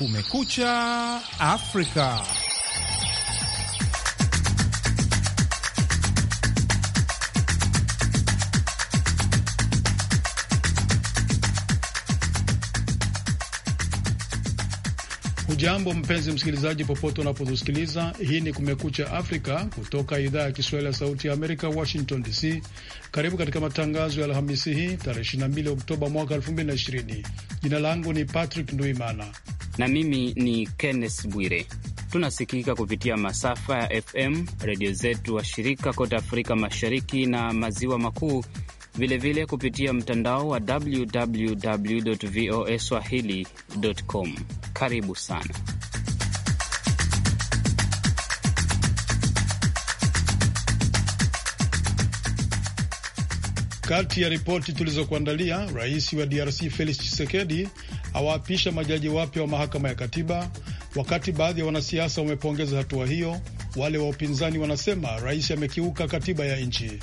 Kumekucha Afrika. Hujambo mpenzi msikilizaji, popote unapotusikiliza. Hii ni Kumekucha Afrika kutoka idhaa ya Kiswahili ya Sauti ya Amerika, Washington DC. Karibu katika matangazo ya Alhamisi hii tarehe 22 Oktoba mwaka 2020. Jina langu ni Patrick Nduimana na mimi ni Kenneth Bwire. Tunasikika kupitia masafa ya FM, redio zetu wa shirika kote Afrika Mashariki na Maziwa Makuu, vilevile kupitia mtandao wa www voa swahili.com. Karibu sana. Kati ya ripoti tulizokuandalia, rais wa DRC Felix Tshisekedi awaapisha majaji wapya wa mahakama ya katiba. Wakati baadhi ya wanasiasa wamepongeza hatua hiyo, wale wa upinzani wanasema rais amekiuka katiba ya nchi.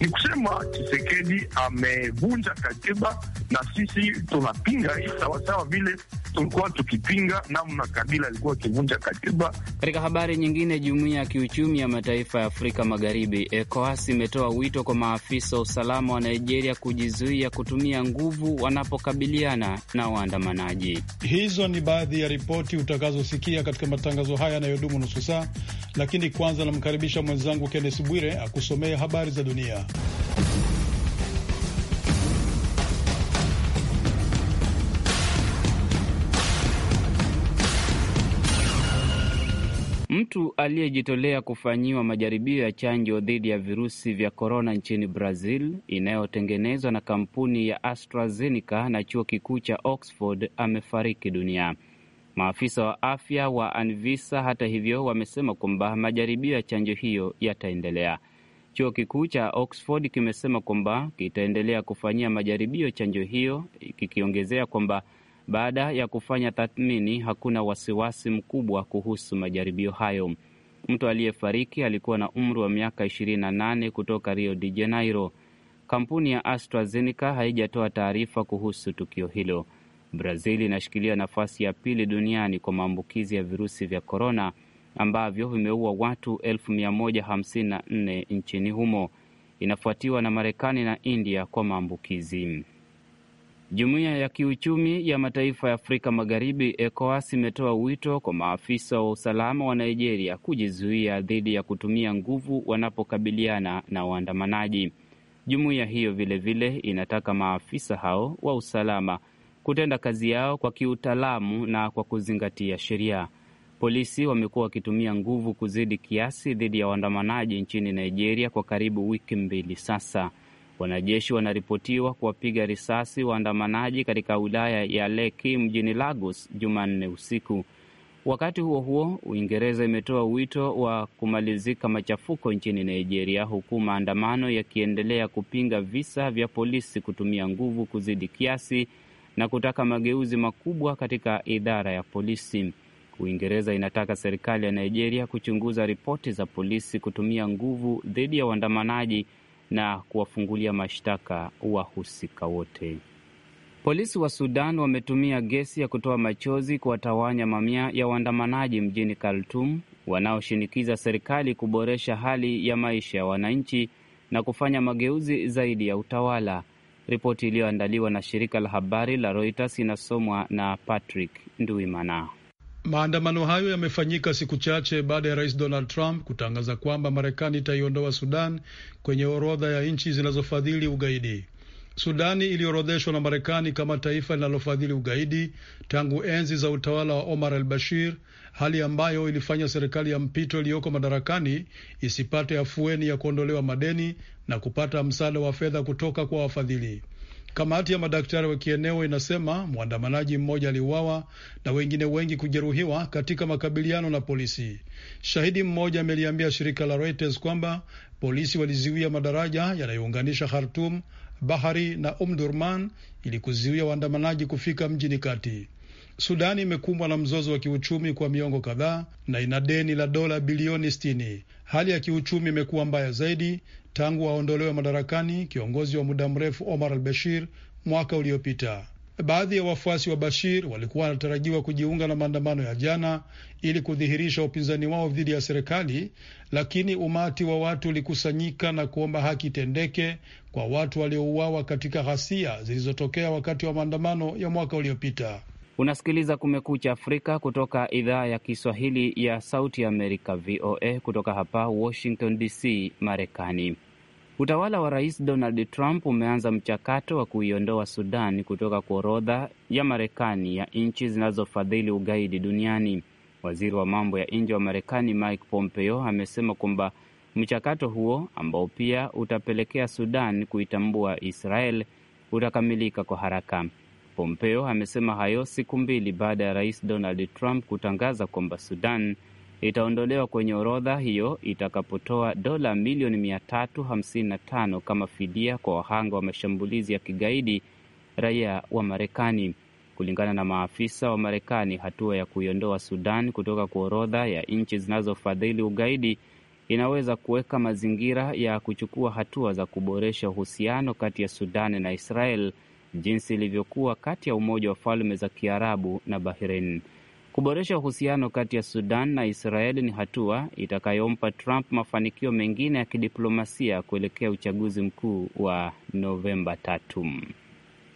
Ni kusema chisekedi amevunja katiba na sisi tunapinga sawasawa vile tulikuwa tukipinga namna Kabila alikuwa akivunja katiba. Katika habari nyingine, jumuiya ya kiuchumi ya mataifa ya Afrika Magharibi, ECOWAS, imetoa wito kwa maafisa wa usalama wa Nigeria kujizuia kutumia nguvu wanapokabiliana na waandamanaji. Hizo ni baadhi ya ripoti utakazosikia katika matangazo haya yanayodumu nusu saa, lakini kwanza namkaribisha mwenzangu Kennes Bwire akusomee habari za dunia. Mtu aliyejitolea kufanyiwa majaribio ya chanjo dhidi ya virusi vya korona nchini Brazil inayotengenezwa na kampuni ya AstraZeneca na chuo kikuu cha Oxford amefariki dunia. Maafisa wa afya wa Anvisa hata hivyo, wamesema kwamba majaribio ya chanjo hiyo yataendelea. Chuo kikuu cha Oxford kimesema kwamba kitaendelea kufanyia majaribio chanjo hiyo, kikiongezea kwamba baada ya kufanya tathmini, hakuna wasiwasi mkubwa kuhusu majaribio hayo. Mtu aliyefariki alikuwa na umri wa miaka 28 kutoka Rio de Janeiro. Kampuni ya AstraZeneca haijatoa taarifa kuhusu tukio hilo. Brazil inashikilia nafasi ya pili duniani kwa maambukizi ya virusi vya korona ambavyo vimeua watu 154 nchini humo. Inafuatiwa na Marekani na India kwa maambukizi. Jumuiya ya Kiuchumi ya Mataifa ya Afrika Magharibi, ECOWAS, imetoa wito kwa maafisa wa usalama wa Nigeria kujizuia dhidi ya kutumia nguvu wanapokabiliana na waandamanaji. Jumuiya hiyo vilevile vile inataka maafisa hao wa usalama kutenda kazi yao kwa kiutaalamu na kwa kuzingatia sheria. Polisi wamekuwa wakitumia nguvu kuzidi kiasi dhidi ya waandamanaji nchini Nigeria kwa karibu wiki mbili sasa. Wanajeshi wanaripotiwa kuwapiga risasi waandamanaji katika wilaya ya Lekki mjini Lagos Jumanne usiku. Wakati huo huo, Uingereza imetoa wito wa kumalizika machafuko nchini Nigeria, huku maandamano yakiendelea kupinga visa vya polisi kutumia nguvu kuzidi kiasi na kutaka mageuzi makubwa katika idara ya polisi. Uingereza inataka serikali ya Nigeria kuchunguza ripoti za polisi kutumia nguvu dhidi ya waandamanaji na kuwafungulia mashtaka wahusika wote. Polisi wa Sudan wametumia gesi ya kutoa machozi kuwatawanya mamia ya waandamanaji mjini Khartoum wanaoshinikiza serikali kuboresha hali ya maisha ya wananchi na kufanya mageuzi zaidi ya utawala. Ripoti iliyoandaliwa na shirika la habari la Reuters inasomwa na Patrick Nduimana. Maandamano hayo yamefanyika siku chache baada ya rais Donald Trump kutangaza kwamba Marekani itaiondoa Sudan kwenye orodha ya nchi zinazofadhili ugaidi. Sudani iliorodheshwa na Marekani kama taifa linalofadhili ugaidi tangu enzi za utawala wa Omar al Bashir, hali ambayo ilifanya serikali ya mpito iliyoko madarakani isipate afueni ya kuondolewa madeni na kupata msaada wa fedha kutoka kwa wafadhili. Kamati ya madaktari wa kieneo inasema mwandamanaji mmoja aliuawa na wengine wengi kujeruhiwa katika makabiliano na polisi. Shahidi mmoja ameliambia shirika la Reuters kwamba polisi walizuia madaraja yanayounganisha Khartum, Bahari na umdurman ili kuzuia waandamanaji kufika mjini kati. Sudani imekumbwa na mzozo wa kiuchumi kwa miongo kadhaa na ina deni la dola bilioni sitini. Hali ya kiuchumi imekuwa mbaya zaidi tangu aondolewe madarakani kiongozi wa muda mrefu Omar al Bashir mwaka uliopita. Baadhi ya wafuasi wa Bashir walikuwa wanatarajiwa kujiunga na maandamano ya jana ili kudhihirisha upinzani wao dhidi ya serikali, lakini umati wa watu ulikusanyika na kuomba haki itendeke kwa watu waliouawa katika ghasia zilizotokea wakati wa maandamano ya mwaka uliopita. Unasikiliza Kumekucha Afrika kutoka idhaa ya Kiswahili ya Sauti Amerika, VOA, kutoka hapa Washington DC, Marekani. Utawala wa Rais Donald Trump umeanza mchakato wa kuiondoa Sudan kutoka kwa orodha ya Marekani ya nchi zinazofadhili ugaidi duniani. Waziri wa mambo ya nje wa Marekani Mike Pompeo amesema kwamba mchakato huo ambao pia utapelekea Sudan kuitambua Israel utakamilika kwa haraka. Pompeo amesema hayo siku mbili baada ya rais Donald Trump kutangaza kwamba Sudan itaondolewa kwenye orodha hiyo itakapotoa dola milioni 355 kama fidia kwa wahanga wa mashambulizi ya kigaidi raia wa Marekani. Kulingana na maafisa wa Marekani, hatua ya kuiondoa Sudan kutoka kwa orodha ya nchi zinazofadhili ugaidi inaweza kuweka mazingira ya kuchukua hatua za kuboresha uhusiano kati ya Sudan na Israel jinsi ilivyokuwa kati ya Umoja wa Falme za Kiarabu na Bahrain. Kuboresha uhusiano kati ya Sudan na Israeli ni hatua itakayompa Trump mafanikio mengine ya kidiplomasia kuelekea uchaguzi mkuu wa Novemba tatu.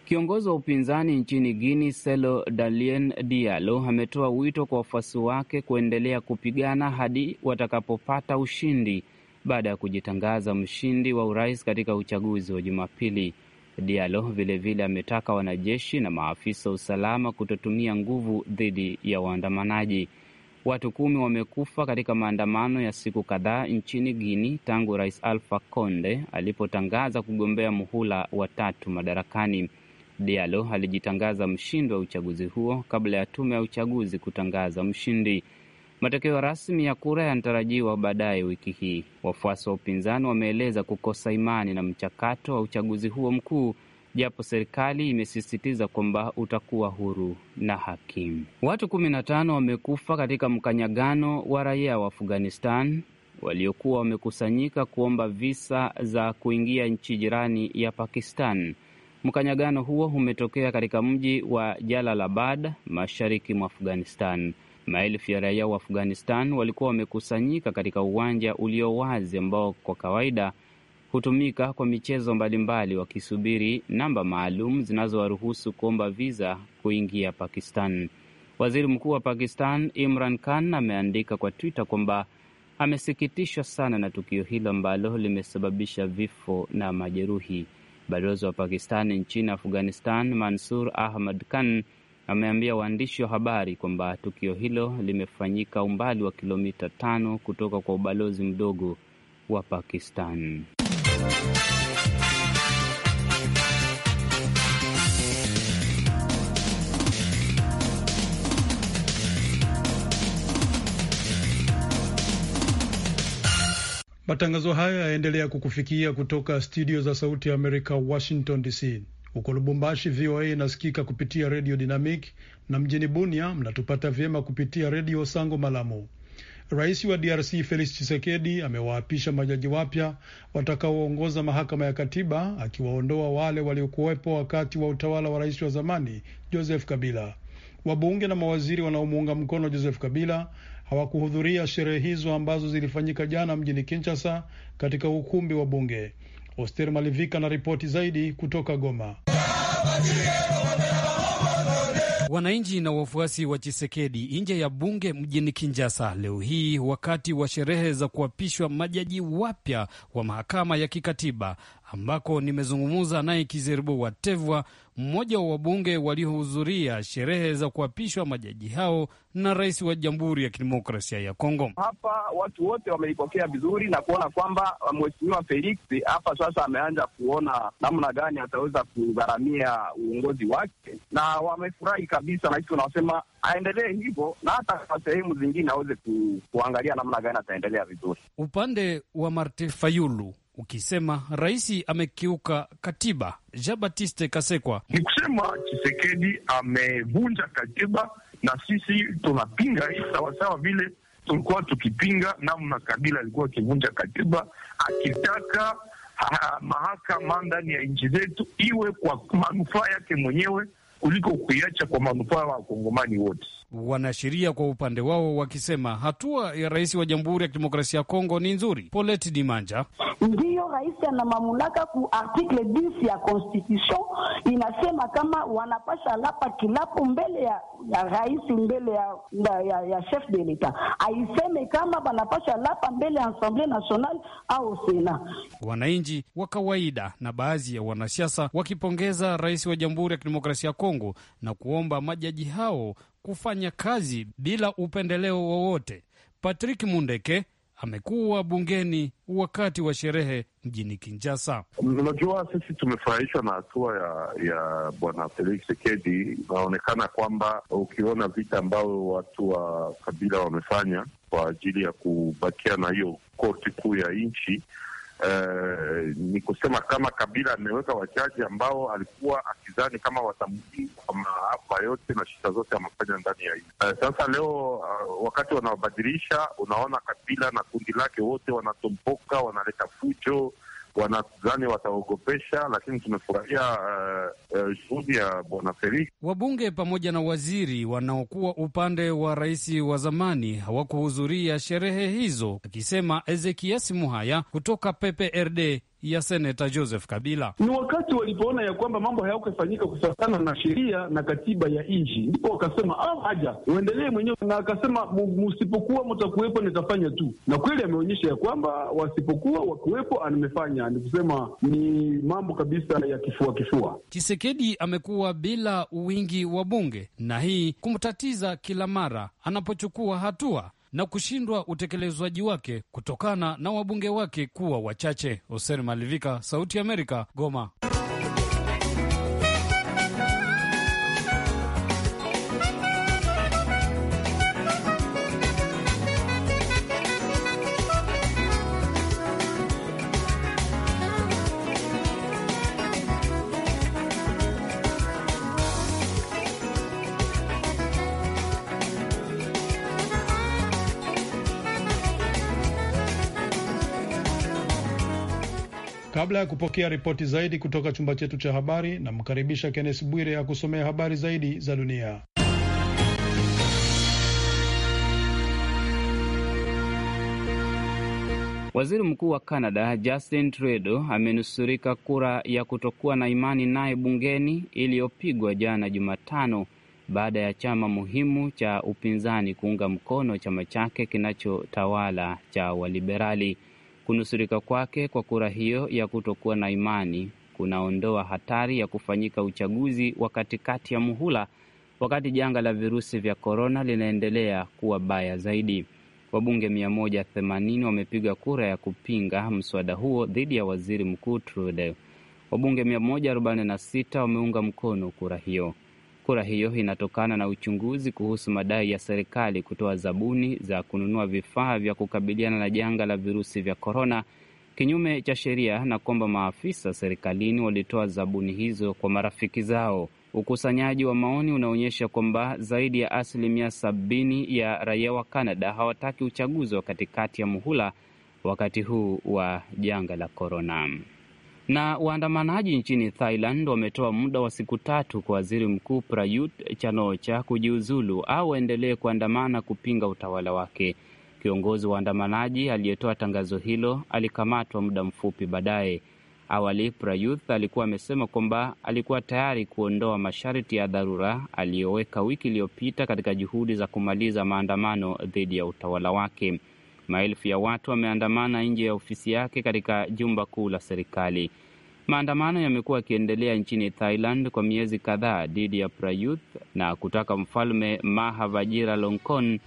Kiongozi wa upinzani nchini guini Selo Dalien dialo ametoa wito kwa wafuasi wake kuendelea kupigana hadi watakapopata ushindi baada ya kujitangaza mshindi wa urais katika uchaguzi wa Jumapili dialo vilevile ametaka wanajeshi na maafisa wa usalama kutotumia nguvu dhidi ya waandamanaji. Watu kumi wamekufa katika maandamano ya siku kadhaa nchini Guini tangu Rais Alfa Conde alipotangaza kugombea muhula wa tatu madarakani. dialo alijitangaza mshindi wa uchaguzi huo kabla ya tume ya uchaguzi kutangaza mshindi. Matokeo rasmi ya kura yanatarajiwa baadaye wiki hii. Wafuasi wa upinzani wameeleza kukosa imani na mchakato wa uchaguzi huo mkuu, japo serikali imesisitiza kwamba utakuwa huru na haki. Watu kumi na tano wamekufa katika mkanyagano wa raia wa Afghanistan waliokuwa wamekusanyika kuomba visa za kuingia nchi jirani ya Pakistan. Mkanyagano huo umetokea katika mji wa Jalalabad, mashariki mwa Afghanistan. Maelfu ya raia wa Afghanistan walikuwa wamekusanyika katika uwanja ulio wazi ambao kwa kawaida hutumika kwa michezo mbalimbali, wakisubiri namba maalum zinazowaruhusu kuomba viza kuingia Pakistan. Waziri Mkuu wa Pakistan Imran Khan ameandika kwa Twitter kwamba amesikitishwa sana na tukio hilo ambalo limesababisha vifo na majeruhi. Balozi wa Pakistani nchini Afghanistan Mansur Ahmad Khan ameambia waandishi wa habari kwamba tukio hilo limefanyika umbali wa kilomita tano kutoka kwa ubalozi mdogo wa Pakistan. Matangazo haya yaendelea kukufikia kutoka studio za Sauti ya Amerika, Washington DC. Huko Lubumbashi, VOA inasikika kupitia redio Dinamik na mjini Bunia mnatupata vyema kupitia redio Sango Malamu. Rais wa DRC Felix Tshisekedi amewaapisha majaji wapya watakaoongoza mahakama ya katiba, akiwaondoa wale waliokuwepo wakati wa utawala wa rais wa zamani Joseph Kabila. Wabunge na mawaziri wanaomuunga mkono Joseph Kabila hawakuhudhuria sherehe hizo ambazo zilifanyika jana mjini Kinshasa katika ukumbi wa bunge. Oster Malivika na ripoti zaidi kutoka Goma. Wananchi na wafuasi wa Chisekedi nje ya bunge mjini Kinjasa leo hii wakati wa sherehe za kuapishwa majaji wapya wa mahakama ya kikatiba ambako nimezungumza naye Kizeribo Watevwa, mmoja wa wabunge waliohudhuria sherehe za kuapishwa majaji hao na rais wa Jamhuri ya Kidemokrasia ya Kongo. Hapa watu wote wameipokea vizuri na kuona kwamba mheshimiwa Felix hapa sasa ameanza kuona namna gani ataweza kugharamia uongozi wake, na wamefurahi kabisa, na hisi wanasema aendelee hivyo, na hata kwa sehemu zingine aweze ku, kuangalia namna gani ataendelea vizuri. Upande wa Marte Fayulu ukisema rais amekiuka katiba. Jean Batiste Kasekwa ni kusema Chisekedi amevunja katiba, na sisi tunapinga hii sawasawa vile tulikuwa tukipinga namna Kabila alikuwa akivunja katiba akitaka mahakama ndani ya nchi zetu iwe kwa manufaa yake mwenyewe kuliko kuiacha kwa manufaa ya wakongomani wote wanasheria kwa upande wao wakisema hatua ya rais wa Jamhuri ya Kidemokrasia ya Kongo ni nzuri. Polet Dimanja: ndiyo rais ana mamlaka ku article 10 ya constitution inasema kama wanapasha lapa kilapo mbele ya, ya rais mbele ya, ya, ya chef de l'etat, aiseme kama wanapasha lapa mbele ya Assemble Nationale au Sena. Wananchi wa kawaida na baadhi ya wanasiasa wakipongeza rais wa Jamhuri ya Kidemokrasia ya Kongo na kuomba majaji hao kufanya kazi bila upendeleo wowote. Patrick Mundeke amekuwa bungeni wakati wa sherehe mjini Kinshasa. Unajua, sisi tumefurahishwa na hatua ya ya bwana Felix Tshisekedi. Inaonekana kwamba ukiona vita ambayo watu wa kabila wamefanya kwa ajili ya kubakia na hiyo koti kuu ya nchi Eh, ni kusema kama Kabila ameweka wachaji ambao alikuwa akizani kama watamjii kwa maafa yote na shida zote amefanya ndani ya nchi. Uh, sasa leo uh, wakati wanawabadilisha, unaona Kabila na kundi lake wote wanatomboka, wanaleta fujo wanadhani wataogopesha, lakini tumefurahia eh, eh, juhudi uh, uh, ya bwana Felix. Wabunge pamoja na waziri wanaokuwa upande wa rais wa zamani hawakuhudhuria sherehe hizo, akisema Ezekiasi Muhaya kutoka PPRD ya seneta Joseph Kabila. Ni wakati walipoona ya kwamba mambo hayakufanyika kufuatana na sheria na katiba ya nchi, ndipo wakasema au ah, haja uendelee mwenyewe, na akasema msipokuwa mtakuwepo nitafanya tu, na kweli ameonyesha ya kwamba wasipokuwa wakiwepo amefanya, ni kusema ni mambo kabisa ya kifua kifua. Chisekedi amekuwa bila wingi wa bunge, na hii kumtatiza kila mara anapochukua hatua na kushindwa utekelezwaji wake kutokana na wabunge wake kuwa wachache. Hoser Malivika, Sauti ya Amerika, Goma. Kabla ya kupokea ripoti zaidi kutoka chumba chetu cha habari, namkaribisha Kennes Bwire akusomea habari zaidi za dunia. Waziri mkuu wa canada Justin Trudeau amenusurika kura ya kutokuwa na imani naye bungeni iliyopigwa jana Jumatano baada ya chama muhimu cha upinzani kuunga mkono chama chake kinachotawala cha Waliberali. Kunusurika kwake kwa kura hiyo ya kutokuwa na imani kunaondoa hatari ya kufanyika uchaguzi wa katikati ya muhula, wakati janga la virusi vya korona linaendelea kuwa baya zaidi. Wabunge 180 wamepiga kura ya kupinga mswada huo dhidi ya waziri mkuu Trudeau. Wabunge 146 wameunga mkono kura hiyo. Kura hiyo inatokana na uchunguzi kuhusu madai ya serikali kutoa zabuni za kununua vifaa vya kukabiliana na janga la virusi vya korona kinyume cha sheria na kwamba maafisa serikalini walitoa zabuni hizo kwa marafiki zao. Ukusanyaji wa maoni unaonyesha kwamba zaidi ya asilimia sabini ya raia wa Kanada hawataki uchaguzi wa katikati ya muhula wakati huu wa janga la korona. Na waandamanaji nchini Thailand wametoa muda wa siku tatu kwa waziri mkuu Prayut Chanocha kujiuzulu au aendelee kuandamana kupinga utawala wake. Kiongozi wa waandamanaji aliyetoa tangazo hilo alikamatwa muda mfupi baadaye. Awali prayut alikuwa amesema kwamba alikuwa tayari kuondoa masharti ya dharura aliyoweka wiki iliyopita katika juhudi za kumaliza maandamano dhidi ya utawala wake. Maelfu ya watu wameandamana nje ya ofisi yake katika jumba kuu la serikali. Maandamano yamekuwa yakiendelea nchini Thailand kwa miezi kadhaa dhidi ya Prayuth na kutaka mfalme Maha Vajiralongkorn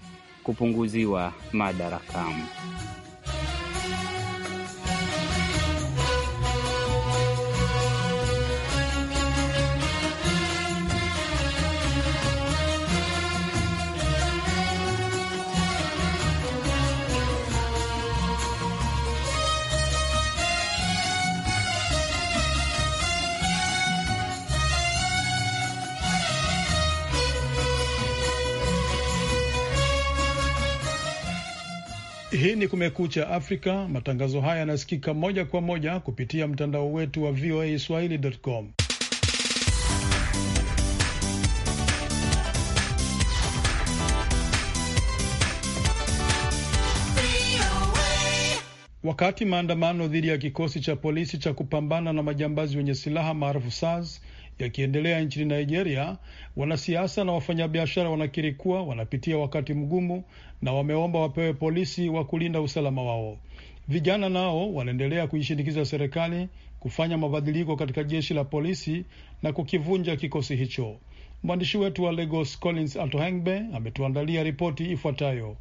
kupunguziwa madarakamu. Hii ni Kumekucha Afrika. Matangazo haya yanasikika moja kwa moja kupitia mtandao wetu wa VOA Swahili.com. Wakati maandamano dhidi ya kikosi cha polisi cha kupambana na majambazi wenye silaha maarufu SARS yakiendelea nchini Nigeria, wanasiasa na wafanyabiashara wanakiri kuwa wanapitia wakati mgumu na wameomba wapewe polisi wa kulinda usalama wao. Vijana nao wanaendelea kuishinikiza serikali kufanya mabadiliko katika jeshi la polisi na kukivunja kikosi hicho. Mwandishi wetu wa Lagos Collins Atohengbe ametuandalia ripoti ifuatayo.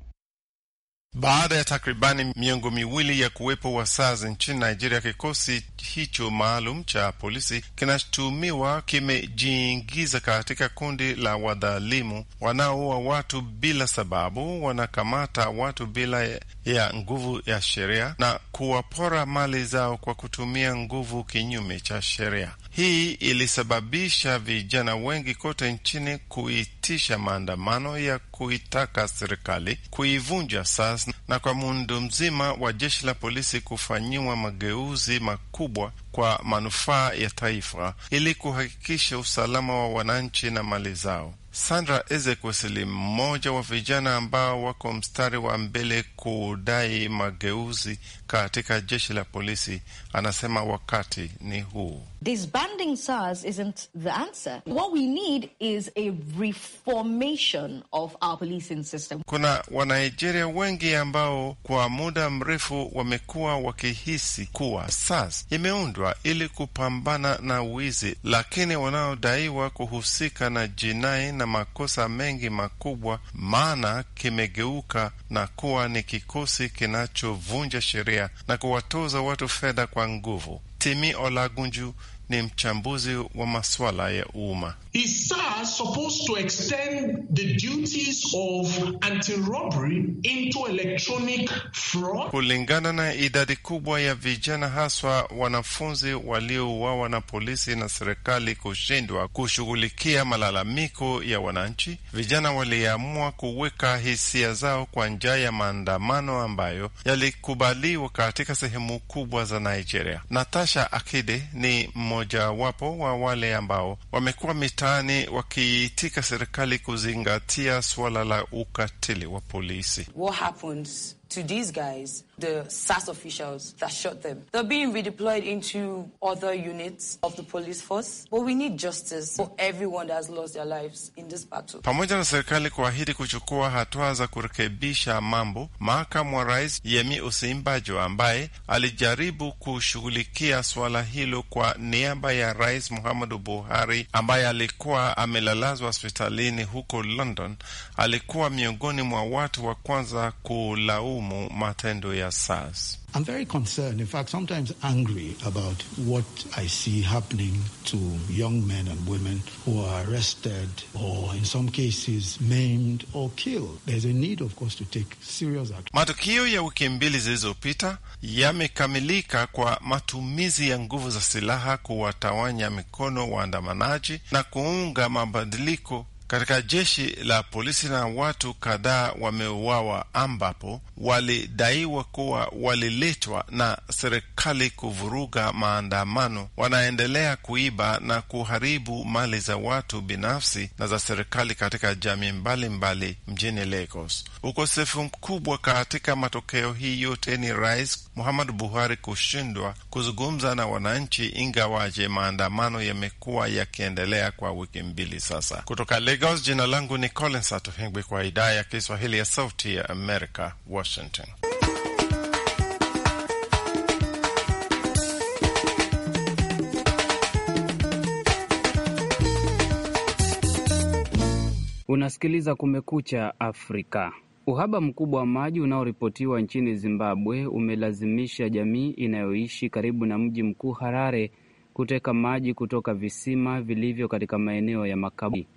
Baada ya takribani miongo miwili ya kuwepo Wasazi nchini Nigeria, kikosi hicho maalum cha polisi kinachotuhumiwa kimejiingiza katika kundi la wadhalimu wanaoua watu bila sababu, wanakamata watu bila ya nguvu ya sheria na kuwapora mali zao kwa kutumia nguvu kinyume cha sheria. Hii ilisababisha vijana wengi kote nchini kuitisha maandamano ya kuitaka serikali kuivunja sasa, na kwa muundo mzima wa jeshi la polisi kufanyiwa mageuzi makubwa kwa manufaa ya taifa ili kuhakikisha usalama wa wananchi na mali zao. Sandra Ezekwesili, mmoja wa vijana ambao wako mstari wa mbele kudai mageuzi katika jeshi la polisi, anasema wakati ni huu. Disbanding SARS isn't the answer. What we need is a reformation of our policing system. Kuna Wanigeria wengi ambao kwa muda mrefu wamekuwa wakihisi kuwa SARS imeundwa ili kupambana na wizi, lakini wanaodaiwa kuhusika na jinai na makosa mengi makubwa, maana kimegeuka na kuwa ni kikosi kinachovunja sheria na kuwatoza watu fedha kwa nguvu. Timi Olagunju ni mchambuzi wa maswala ya umma. Kulingana na idadi kubwa ya vijana, haswa wanafunzi waliouawa na polisi na serikali kushindwa kushughulikia malalamiko ya wananchi, vijana waliamua kuweka hisia zao kwa njia ya maandamano ambayo yalikubaliwa katika sehemu kubwa za Nigeria. Natasha Akide ni mmo mmoja wapo wa wale ambao wamekuwa mitaani wakiitika serikali kuzingatia suala la ukatili wa polisi. What happens to these guys? the SAS officials that shot them. They're being redeployed into other units of the police force, but we need justice for everyone that has lost their lives in this battle. Pamoja na serikali kuahidi kuchukua hatua za kurekebisha mambo, makamu wa rais Yemi Osinbajo ambaye alijaribu kushughulikia suala hilo kwa niaba ya rais Muhammadu Buhari ambaye alikuwa amelalazwa hospitalini huko London, alikuwa miongoni mwa watu wa kwanza kulaumu matendo ya ya SARS. I'm very concerned, in fact, sometimes angry about what I see happening to young men and women who are arrested or in some cases maimed or killed. There's a need, of course, to take serious action. Matukio ya wiki mbili zilizopita yamekamilika kwa matumizi ya nguvu za silaha kuwatawanya mikono waandamanaji na kuunga mabadiliko katika jeshi la polisi na watu kadhaa wameuawa, ambapo walidaiwa kuwa waliletwa na serikali kuvuruga maandamano. Wanaendelea kuiba na kuharibu mali za watu binafsi na za serikali katika jamii mbalimbali mjini Lagos. Ukosefu mkubwa katika matokeo hii yote ni Rais Muhammadu Buhari kushindwa kuzungumza na wananchi, ingawaje maandamano yamekuwa yakiendelea kwa wiki mbili sasa kutoka Lagos. Lagos. Jina langu ni Collins Atohengwi kwa idhaa ya Kiswahili ya Sauti ya Amerika, Washington. Unasikiliza Kumekucha Afrika. Uhaba mkubwa wa maji unaoripotiwa nchini Zimbabwe umelazimisha jamii inayoishi karibu na mji mkuu Harare kuteka maji kutoka visima vilivyo katika maeneo ya makaburi.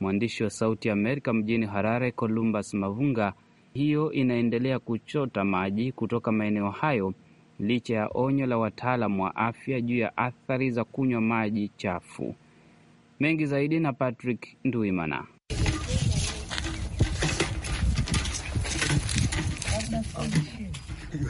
Mwandishi wa Sauti Amerika mjini Harare, Columbus Mavunga. Hiyo inaendelea kuchota maji kutoka maeneo hayo licha ya onyo la wataalam wa afya juu ya athari za kunywa maji chafu. Mengi zaidi na Patrick Nduimana.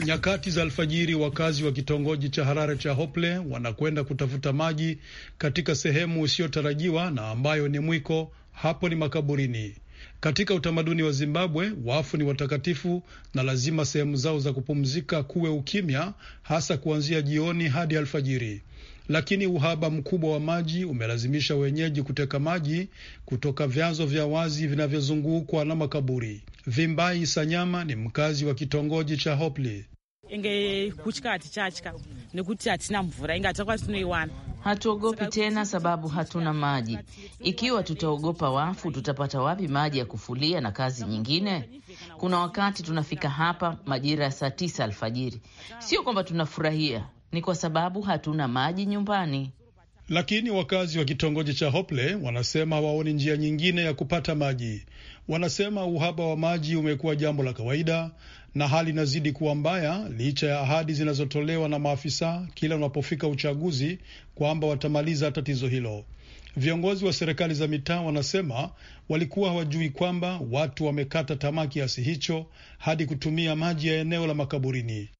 Nyakati za alfajiri, wakazi wa kitongoji cha Harare cha Hople wanakwenda kutafuta maji katika sehemu isiyotarajiwa na ambayo ni mwiko hapo ni makaburini. Katika utamaduni wa Zimbabwe, wafu ni watakatifu na lazima sehemu zao za kupumzika kuwe ukimya, hasa kuanzia jioni hadi alfajiri. Lakini uhaba mkubwa wa maji umelazimisha wenyeji kuteka maji kutoka vyanzo vya wazi vinavyozungukwa na makaburi. Vimbai Sanyama ni mkazi wa kitongoji cha Hopli inge kutya hatichatyka nekuti hatina mvura inge hatichakwati tunoiwana Hatuogopi tena sababu hatuna maji. Ikiwa tutaogopa wafu, tutapata wapi maji ya kufulia na kazi nyingine? Kuna wakati tunafika hapa majira ya saa tisa alfajiri. Sio kwamba tunafurahia, ni kwa sababu hatuna maji nyumbani. Lakini wakazi wa kitongoji cha Hople wanasema waoni njia nyingine ya kupata maji. Wanasema uhaba wa maji umekuwa jambo la kawaida na hali inazidi kuwa mbaya licha ya ahadi zinazotolewa na maafisa kila unapofika uchaguzi kwamba watamaliza tatizo hilo. Viongozi wa serikali za mitaa wanasema walikuwa hawajui kwamba watu wamekata tamaa kiasi hicho hadi kutumia maji ya eneo la makaburini.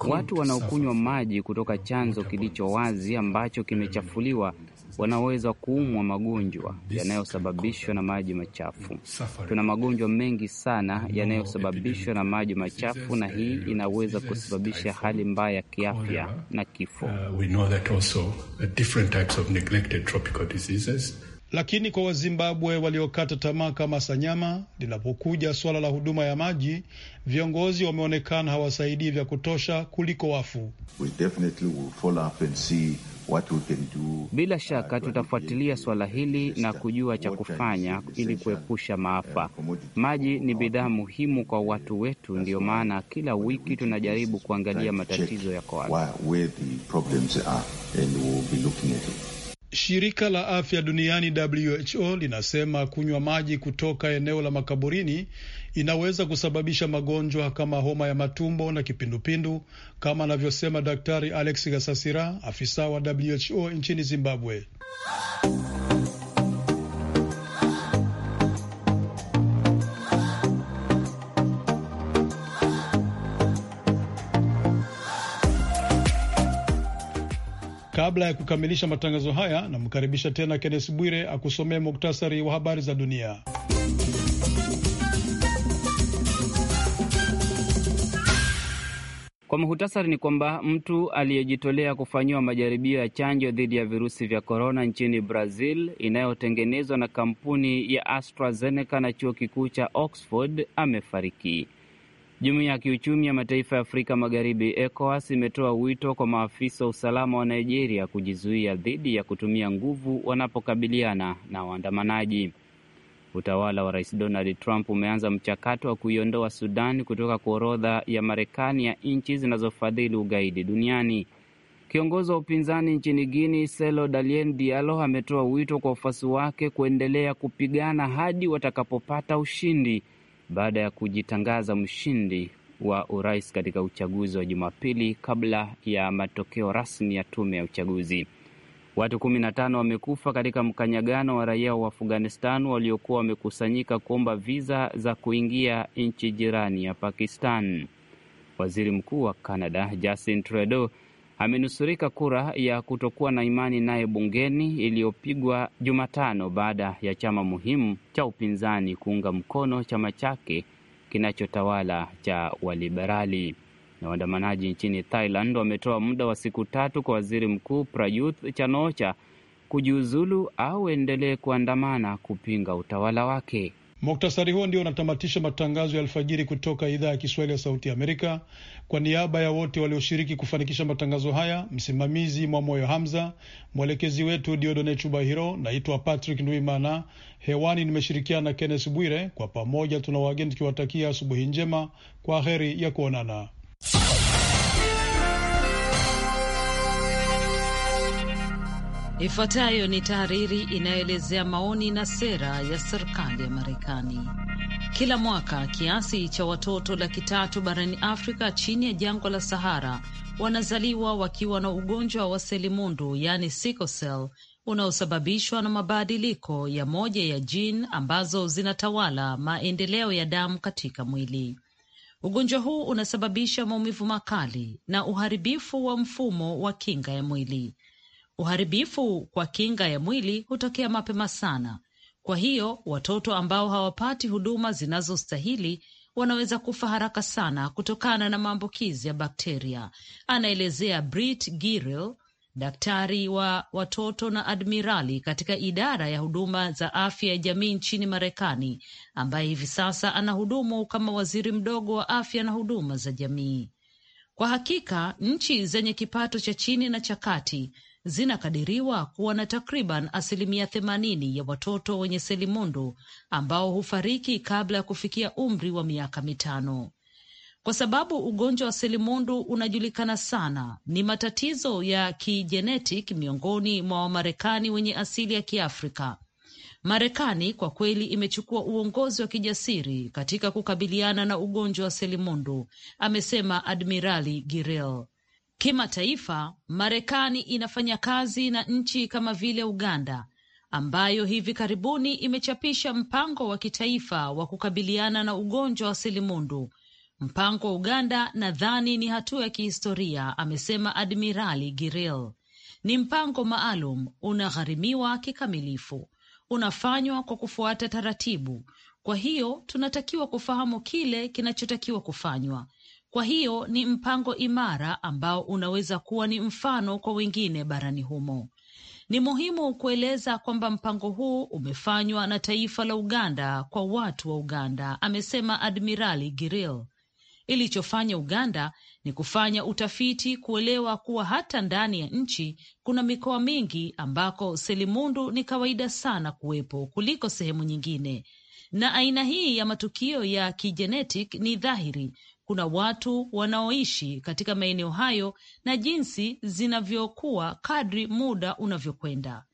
Uh, watu wanaokunywa maji kutoka chanzo kilicho wazi ambacho kimechafuliwa wanaweza kuumwa magonjwa yanayosababishwa na maji machafu. Tuna magonjwa mengi sana yanayosababishwa na maji machafu, na hii inaweza kusababisha hali mbaya ya kiafya na kifo. Uh, Lakini kwa Wazimbabwe waliokata tamaa kama Sanyama, linapokuja suala la huduma ya maji, viongozi wameonekana hawasaidii vya kutosha kuliko wafu We what we can do. Bila uh, shaka tutafuatilia swala hili na uh, kujua cha kufanya ili kuepusha uh, maafa. Maji ni bidhaa muhimu kwa watu wetu, ndiyo maana kila wiki tunajaribu kuangalia matatizo yako wapi. Shirika la afya duniani WHO linasema kunywa maji kutoka eneo la makaburini inaweza kusababisha magonjwa kama homa ya matumbo na kipindupindu, kama anavyosema Daktari Alex Gasasira, afisa wa WHO nchini Zimbabwe. Kabla ya kukamilisha matangazo haya, namkaribisha tena Kennes Bwire akusomee muktasari wa habari za dunia. Kwa muhutasari ni kwamba mtu aliyejitolea kufanyiwa majaribio ya chanjo dhidi ya virusi vya korona nchini Brazil inayotengenezwa na kampuni ya AstraZeneca na chuo kikuu cha Oxford amefariki. Jumuiya ya kiuchumi ya mataifa ya Afrika Magharibi, ECOWAS, imetoa wito kwa maafisa wa usalama wa Nigeria kujizuia dhidi ya kutumia nguvu wanapokabiliana na waandamanaji. Utawala wa Rais Donald Trump umeanza mchakato wa kuiondoa Sudan kutoka kwa orodha ya Marekani ya nchi zinazofadhili ugaidi duniani. Kiongozi wa upinzani nchini Guini, Selo Dalien Dialo, ametoa wito kwa wafuasi wake kuendelea kupigana hadi watakapopata ushindi baada ya kujitangaza mshindi wa urais katika uchaguzi wa Jumapili kabla ya matokeo rasmi ya tume ya uchaguzi. Watu kumi na tano wamekufa katika mkanyagano wa raia wa Afghanistan waliokuwa wamekusanyika kuomba viza za kuingia nchi jirani ya Pakistan. Waziri Mkuu wa Canada Justin Trudeau amenusurika kura ya kutokuwa na imani naye bungeni iliyopigwa Jumatano baada ya chama muhimu cha upinzani kuunga mkono chama chake kinachotawala cha Waliberali na waandamanaji nchini Thailand wametoa muda wa siku tatu kwa waziri mkuu Prayuth Chanocha kujiuzulu au endelee kuandamana kupinga utawala wake. Muktasari huo ndio unatamatisha matangazo ya alfajiri kutoka idhaa ya Kiswahili ya Sauti Amerika. Kwa niaba ya wote walioshiriki kufanikisha matangazo haya, msimamizi mwa moyo Hamza, mwelekezi wetu Diodone Chubahiro, naitwa Patrick nduimana Hewani nimeshirikiana na Kennes Bwire. Kwa pamoja tuna wageni tukiwatakia asubuhi njema, kwa heri ya kuonana. Ifuatayo ni tahariri inayoelezea maoni na sera ya serikali ya Marekani. Kila mwaka kiasi cha watoto laki tatu barani Afrika chini ya jangwa la Sahara wanazaliwa wakiwa na ugonjwa wa selimundu, yaani sickle cell, unaosababishwa na mabadiliko ya moja ya jin ambazo zinatawala maendeleo ya damu katika mwili. Ugonjwa huu unasababisha maumivu makali na uharibifu wa mfumo wa kinga ya mwili. Uharibifu kwa kinga ya mwili hutokea mapema sana, kwa hiyo watoto ambao hawapati huduma zinazostahili wanaweza kufa haraka sana kutokana na maambukizi ya bakteria, anaelezea Brit Girl, daktari wa watoto na admirali katika idara ya huduma za afya ya jamii nchini Marekani, ambaye hivi sasa anahudumu kama waziri mdogo wa afya na huduma za jamii. Kwa hakika nchi zenye kipato cha chini na cha kati zinakadiriwa kuwa na takriban asilimia themanini ya watoto wenye selimundu ambao hufariki kabla ya kufikia umri wa miaka mitano kwa sababu ugonjwa wa selimundu unajulikana sana, ni matatizo ya kijenetik miongoni mwa Wamarekani wenye asili ya Kiafrika. Marekani kwa kweli imechukua uongozi wa kijasiri katika kukabiliana na ugonjwa wa selimundu, amesema Admirali Girill. Kimataifa, Marekani inafanya kazi na nchi kama vile Uganda ambayo hivi karibuni imechapisha mpango wa kitaifa wa kukabiliana na ugonjwa wa selimundu Mpango wa Uganda nadhani ni hatua ya kihistoria, amesema Admirali Girill. Ni mpango maalum, unagharimiwa kikamilifu, unafanywa kwa kufuata taratibu. Kwa hiyo tunatakiwa kufahamu kile kinachotakiwa kufanywa. Kwa hiyo ni mpango imara ambao unaweza kuwa ni mfano kwa wengine barani humo. Ni muhimu kueleza kwamba mpango huu umefanywa na taifa la Uganda kwa watu wa Uganda, amesema Admirali Girill. Ilichofanya Uganda ni kufanya utafiti kuelewa kuwa hata ndani ya nchi kuna mikoa mingi ambako selimundu ni kawaida sana kuwepo kuliko sehemu nyingine, na aina hii ya matukio ya kijenetic ni dhahiri kuna watu wanaoishi katika maeneo hayo na jinsi zinavyokuwa kadri muda unavyokwenda.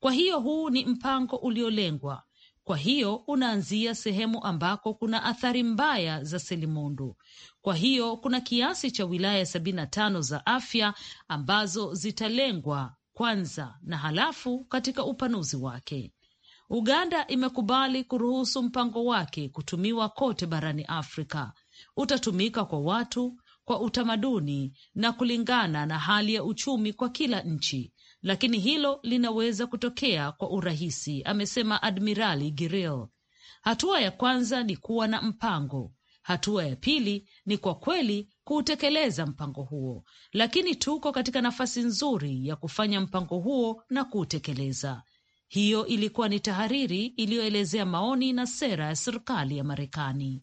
Kwa hiyo huu ni mpango uliolengwa kwa hiyo unaanzia sehemu ambako kuna athari mbaya za selimundu. Kwa hiyo kuna kiasi cha wilaya sabini na tano za afya ambazo zitalengwa kwanza na halafu katika upanuzi wake. Uganda imekubali kuruhusu mpango wake kutumiwa kote barani Afrika. Utatumika kwa watu, kwa utamaduni na kulingana na hali ya uchumi kwa kila nchi, lakini hilo linaweza kutokea kwa urahisi, amesema Admirali Girill. Hatua ya kwanza ni kuwa na mpango. Hatua ya pili ni kwa kweli kuutekeleza mpango huo, lakini tuko katika nafasi nzuri ya kufanya mpango huo na kuutekeleza. Hiyo ilikuwa ni tahariri iliyoelezea maoni na sera ya serikali ya Marekani.